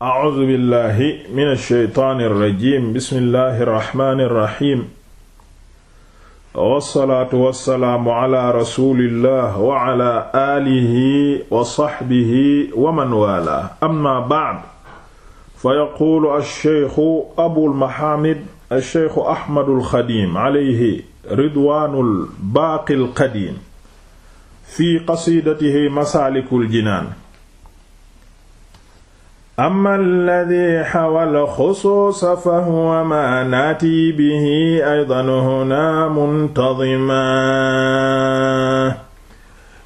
a'uuzu billahi mina shaytaani rajiim bismillahi rahmaani rahiim. wasalaatu wasalaamu ala rasulillah wa ala aalihi wa saxbihi wa man waalaa amma ba'd. fa yaquulu asheykhu abul maxaamid asheykhu ahmadul xadiim alayhi ridwaanul baaqil qadiim. fi qasiidatihi masaalikul jinaan. amma alladhi xawal xusuusa fa huwa ma naati bihi aydan huna muntadima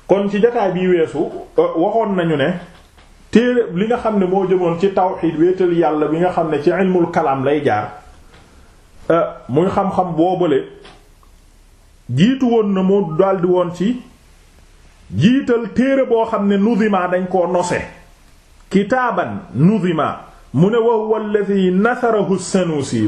kon ci jataay bi weesu euh, waxoon nañu ne téere li nga xam ne moo jëmoon ci tawxiid wéetal yàlla bi nga xam ne ci ilmul kalaam lay jaar euh, muy xam-xam boobale jiitu woon na moo daldi woon ci jiital téere boo xam ne nudima dañ koo nose kitaaban nudima mu ne wa huwa alladhi nasarahu sanusi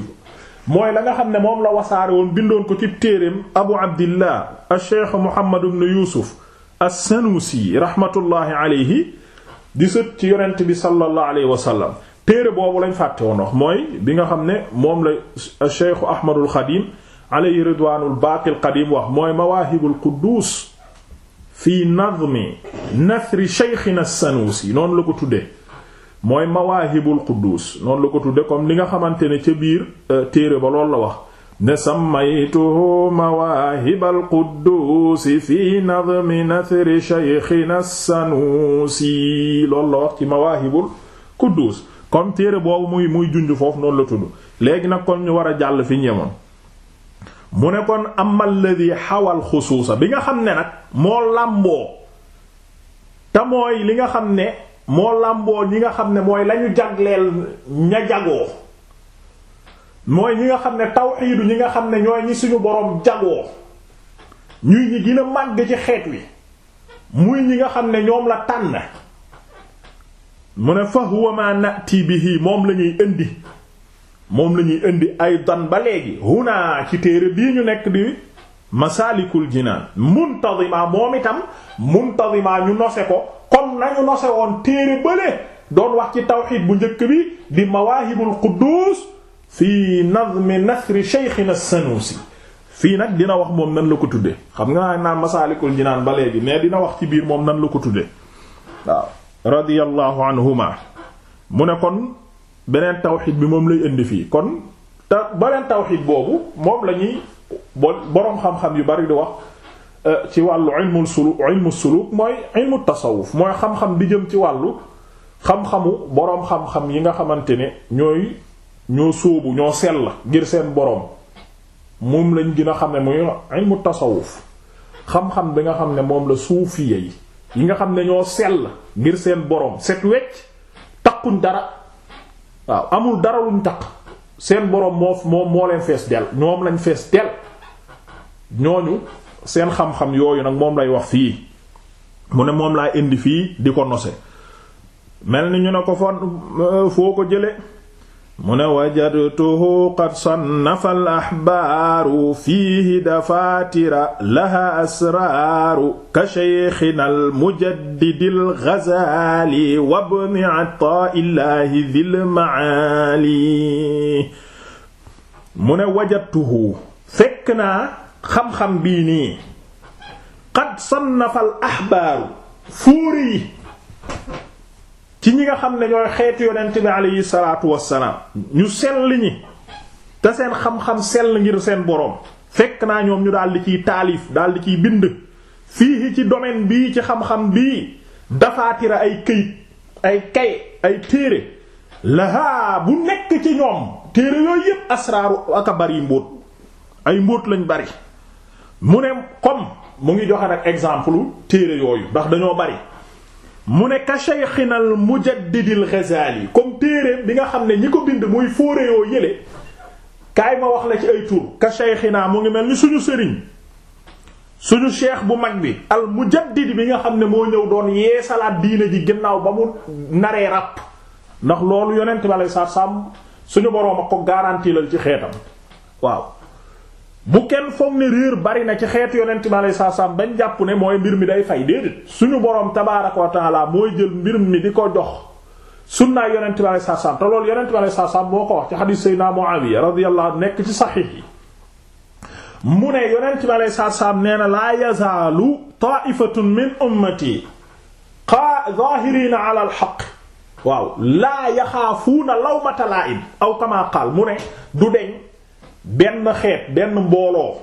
mooy la nga xam ne moom la wasaare woon bindoon ko ci téereem abu abdillah acheikh muhammad ibn yusuf as-sanusi rahmatullahi alayhi di sët ci yonent bi sallallahu alayhi wa sallam téere boobu lañ fàtte woon wax mooy bi nga xam ne moom la acheikh ahmadul xadim alayhi ridwanul baaqil qadim wax mooy mawaahibul quddus fi nadmi nasri cheikhina as-sanusi noonu la ko tuddee mooy mawaahibul quddus noonu la ko tudde comme li nga xamante ne ca biir euh, téere ba loolu la wax ne sammaytuhu mawaahibal qudduusi fi nadmi nathri shaykhina sanuusi la wax ci mawaahibul quddus comme téere boobu muy muy junj foofu noonu la tudd léegi nag kon ñu war a jàll fi ñemoon mu ne kon amal ladi xawal xusuusa bi nga xam ne nag moo làmboo te li nga xam ne moo làmboo ñi nga xam ne mooy lañu jagleel ña jagoo mooy ñi nga xam ne tawxiidu ñi nga xam ne ñooy ñi suñu boroom jagoo ñuy ñi gën màgg ci xeet wi muy ñi nga xam ne ñoom la tànn mu ne fa huwa ma nati moom lañuy ñuy indi moom lañuy indi ay dan ba léegi huna ci téere bii ñu nekk di masaalikul jinaan muntazima moom itam muntazima ñu nose ko comme nañu nose woon téere bële doon wax ci tawxiid bu njëkk bi di mawaahibul quddus fii nazmi nasri sheykhina sanusi fii nag dina wax moom nan la ko tudde xam nga naa naan masaalikul jinaan ba léegi mais dina wax ci biir moom nan la ko tudde waaw radiyallahu anhuma mu ne kon beneen tawxiid bi moom lay indi fii kon te beneen tawxiid boobu moom lañuy ñuy boroom xam-xam yu bari di wax ci wàllu ilmul suluk ilmu suluk mooy ilmu tasawuf mooy xam-xam bi jëm ci wàllu xam-xamu boroom xam-xam yi nga xamante ne ñooy ñoo sóobu ñoo sell ngir seen boroom moom lañ gën xam ne muy ilmu tasawuf xam bi nga xam ne moom la suuf yi yi nga xam ne ñoo sell ngir seen boroom set wecc takkuñ dara waaw amul dara luñ taq seen boroom moo moo moo leen fees del ñoom lañ fees del ñooñu seen xam-xam yooyu nag moom lay wax fii mu ne moom laa indi fii di ko nose mel ni ñu ne ko fon euh, foo ko jële mu ne wajadtuhu qad sannafa al ahbaaru fiihi dafaatira laha asraaru ka sheykhina al mujaddidi al ghazaali wa ibni ataaillahi dhil maali mu ne wajadtuhu fekk naa xam-xam bii nii qad sannafa al ahbaaru fuuri yi ci ñi nga xam ne ñooy xeetu yonent bi aleyhi salaatu ñu sell ñi te seen xam-xam sell seen boroom fekk naa ñu daal di ciy taalif daal di ciy bind fii ci domaine bii ci xam-xam bii dafaatira ay këyit bu nekk ci ñoom téere asraaru aka bari mbóot ay mbóot lañu bari mu ne comme mu ngi joxe nag exemple téere yooyu ndax dañoo bari mu ne ka shaykhina al mujaddid al ghazali comme téere bi nga xam ne ñi ko bind muy fóore yoo yële kaay ma wax la ci ay tur ka shaykhina mu ngi mel ni suñu sëriñ suñu cheikh bu mag bi al mujaddid bi nga xam ne moo ñëw doon salaat diine ji ginnaaw ba mu naree ràpp ndax loolu yonent bi alei sàmm suñu boroom a ko garanti lal ci xeetam waaw bu kenn foog ne réer bari na ci xeetu yonent mi alei saa salaam bañ jàpp ne mooy mbir mi day fay déedéet suñu boroom tabaaraka wa taala mooy jël mbir mi di ko jox sunnaay yonent mi alei saa salaam te loolu yonent mi alei saa salaam moo ko wax ci xadiis Seydina Muawiya radiyallahu anhu nekk ci saxiix yi mu ne yonent mi na laa yazaalu taa'ifatun min ummati qaa zaahiriina ala al waaw laa yaxaafuuna lawmata laa'im aw kamaa qaal mu ne du deñ benn xeet benn mbooloo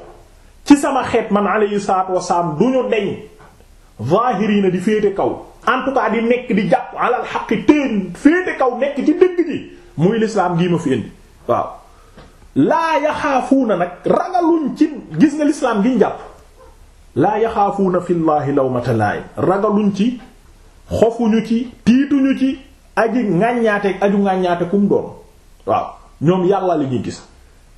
ci sama xeet man alayhi salaatu wasalaam du ñu deñ zahirina di féete kaw en tout cas di nekk di jàpp alal xaqi téen féete kaw nekk ci dëgg ji muy lislaam gii ma fi indi waaw laa yaxaafuuna nag ragaluñ ci gis nga lislaam gi ñu jàpp laa yaxaafuuna fillaahi lawmata ragaluñ ci xofuñu ci tiituñu ci aji ŋàññaate aju ŋàññaate kum doon waaw ñoom yàlla li ñuy gis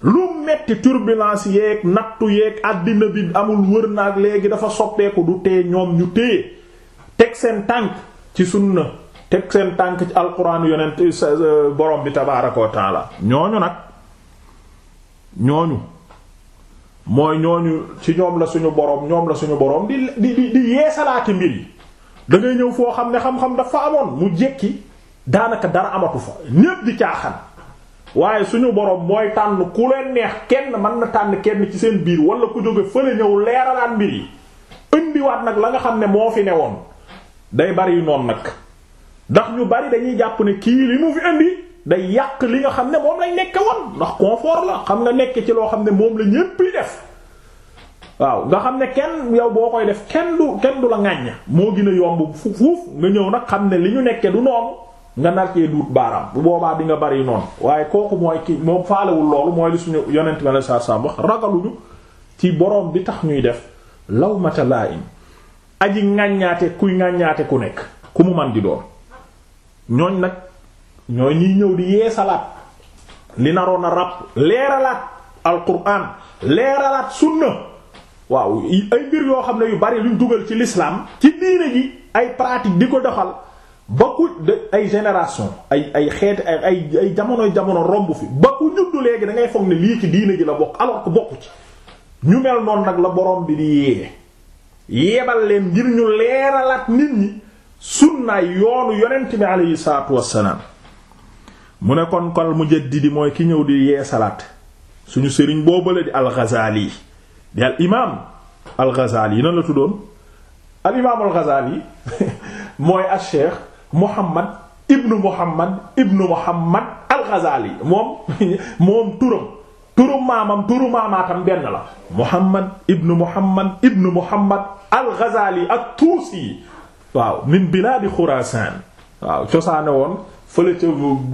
lu metti turbulence yeeg nattu yeeg àddina bi amul wër naag léegi dafa soppeeku du tee ñoom ñu téye teg seen tànk ci sunna teg seen tànk ci alxuraan yonent eh, borom bi tabaaraka wa taala ñooñu nag ñooñu mooy ñooñu ci ñoom la suñu borom ñoom la suñu borom di di di yeesalaati mbir yi da ñëw foo xam ne xam-xam dafa amoon mu jekki daanaka dara amatu fa ñépp di caaxaan. waaye suñu borom mooy tànn ku leen neex kenn mën na tànn kenn ci seen biir wala ku jóge fële ñëw leeralaan mbir yi indiwaat nag la nga xam ne moo fi newoon day bari noonu nag ndax ñu bari dañuy jàpp ne kii li mu fi indi day yàq li nga xam ne moom lañ nekke woon ndax confort la xam nga nekk ci loo xam ne moom la ñépp def waaw nga xam ne kenn yaw boo koy def kenn du kenn du la ŋàññ moo gin a yomb fuuf nga ñëw nag xam ne li ñu nekke du noonu nga nar cee duut baaraam bu boobaa di bari noonu waaye kooku mooy ki moo faalewul loolu mooy li suñu yonent ma saa saa wax ragaluñu ci boroom bi tax ñuy def law mata laa im aji ŋàññaate kuy ŋàññaate ku nekk ku mu man di doon ñooñ nag ñooy ñiy ñëw di yeesalaat li naroon a ràbb leeralaat alquran leeralaat sunna waaw ay mbir yoo xam ne yu bari luñ dugal ci lislaam ci diine ji ay pratique di ko doxal ba ku de ay génération ay ay xeet ay ay jamonoy jamono romb fi ba ku juddu léegi da foog ne lii ci diine ji la bokk alors ko bokku ci ñu mel noonu nag la borom bi di yee yeebal leen ngir ñu leeralaat nit ñi sunnaay yoonu yonent bi aleyhi salaatu wassalaam mu ne kon kon mujaddidi mooy ki ñëw di yee salaat suñu sëriñ boobale di al-Ghazali di al imaam al-Ghazali la tuddoon al imaam al mooy al Muhammad ibnu Muhammad ibnu Muhammad al-Ghazali moom moom turam turu maamam turu maamaatam benn la Muhammad ibnu Muhammad ibnu Muhammad al-Ghazali at-Tusi waaw min bilaadi Xuraasaan waaw cosaane woon fële ca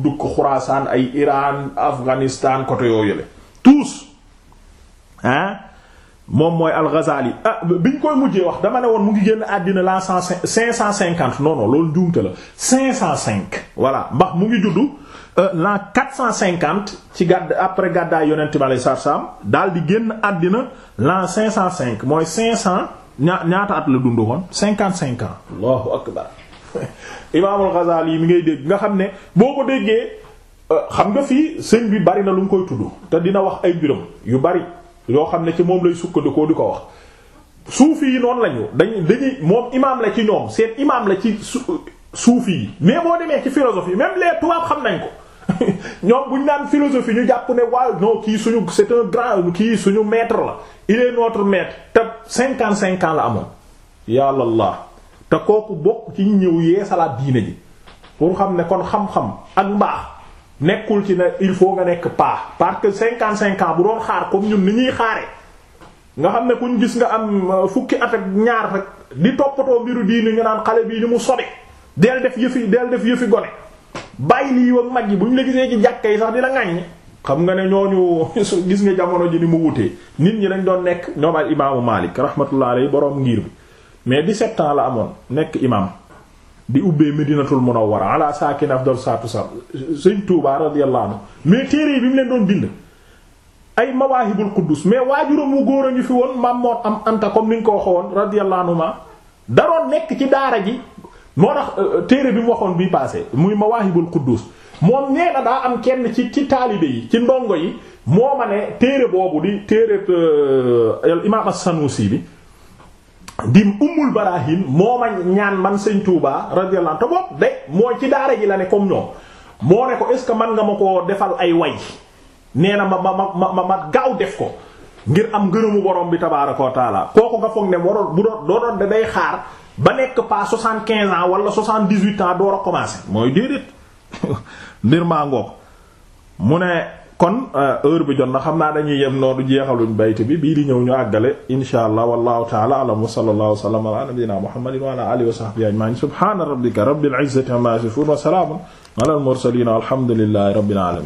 dukk Xuraasaan ay Iran Afghanistan côté yooyu yële tous moom mooy al bi ah biñ koy mujjee wax dama ne woon mu ngi génn àddina la cent cinq cent cinquante non non loolu njuumte la cinq cent cinq voilà ndax mu ngi juddu euh, la quatre cent cinquante ci gàdd après gàddaay yonent bi alayhi salaam daal di génn àddina la cinq cent cinq mooy cinq cent ñaa ñaata at la dund woon cinquante cinq ans Allahu akbar Imaamul Ghazali mi ngay dégg nga xam ne boo ko déggee euh, xam nga fii sëñ bi bari na lu mu koy tudd te dina wax ay biram yu bari. yoo xam ne ci moom lay sukkandikoo di ko wax suufi yi noonu lañu dañu dañuy moom imaam la ci ñoom seen imaam la ci suufi yi mais boo demee ci philosophie même lee tubaab xam nañ ko ñoom buñ naan philosophie ñu jàpp ne waaw non kii suñu c'est un grand kii suñu maître la il est notre maître te cinquante cinq la amoon yàlla la te kooku bokk ci ñëw yee salaat diine ji pour xam ne kon xam-xam ak mbaax nekkul ci ne il faut nga nekk pas parce que cinquant cinq ans bu doon xaar comme ñun ni ñuy xaare nga xam ne kuñ gis nga am euh, fukki at ak ñaar rek di toppatoo mbiru diini nga naan xale bii ni mu sobe del def yëfi del def yëfi gone bàyyi lii ak mag yi bu ñu la gisee ci jàkka yi sax di la ŋàññi xam nga ne ñoo ñooñu gis nga jamono ji ni mu wutee nit ñi dañ doon nekk ñoom al imaamu Maalik rahmatullah alayhi boroom ngir bi mais 17 ans la amoon nekk imaam di ubbee Medinatul Munawwara ala saakin afdal saatu sa sëñ Touba radiyallahu anhu mais téere yi bi mu leen doon bind ay Mawaahibul Quddus mais waajuram wu góor a ngi fi woon maam moo am anta comme ni nga ko waxoon radiyallahu anhu ma daroon nekk ci daara ji moo tax euh, téere bi mu waxoon bii passé muy Mawaahibul Quddus moom nee na daa am kenn ci ci taalibe yi ci ndongo yi moo ma ne téere boobu di téere euh, al imaam as-Sanusi bi. di ummul baraahin moo ma ñaan man sëñ Touba radiyallahu te bopp de mooy ci daara ji la ne comme ñoom moo ne ko est ce que man nga ma ko defal ay way nee na ma ma ma ma ma gaaw def ko ngir am ngërëmu borom bi tabaaraka wa taala kooku nga foog ne waroon bu doon doon da day xaar ba nekk pas soixante-quinze ans wala soixante-dix-huit ans door a commencer mooy déedéet mbir maa mu ne. kon euh, heure bi jot na xam naa dañuy yem noonu jeexaluñ bayt bi bii di ñëw ñu àggale insha allah wallahu taala alam wa sallallahu sallam ala nabiyyina muhammadin wa ala alihi wa sahbihi ajma'in subhana rabbika rabbil izzati amma yasifun wa salamun ala al mursalin alhamdulillahi rabbil alamin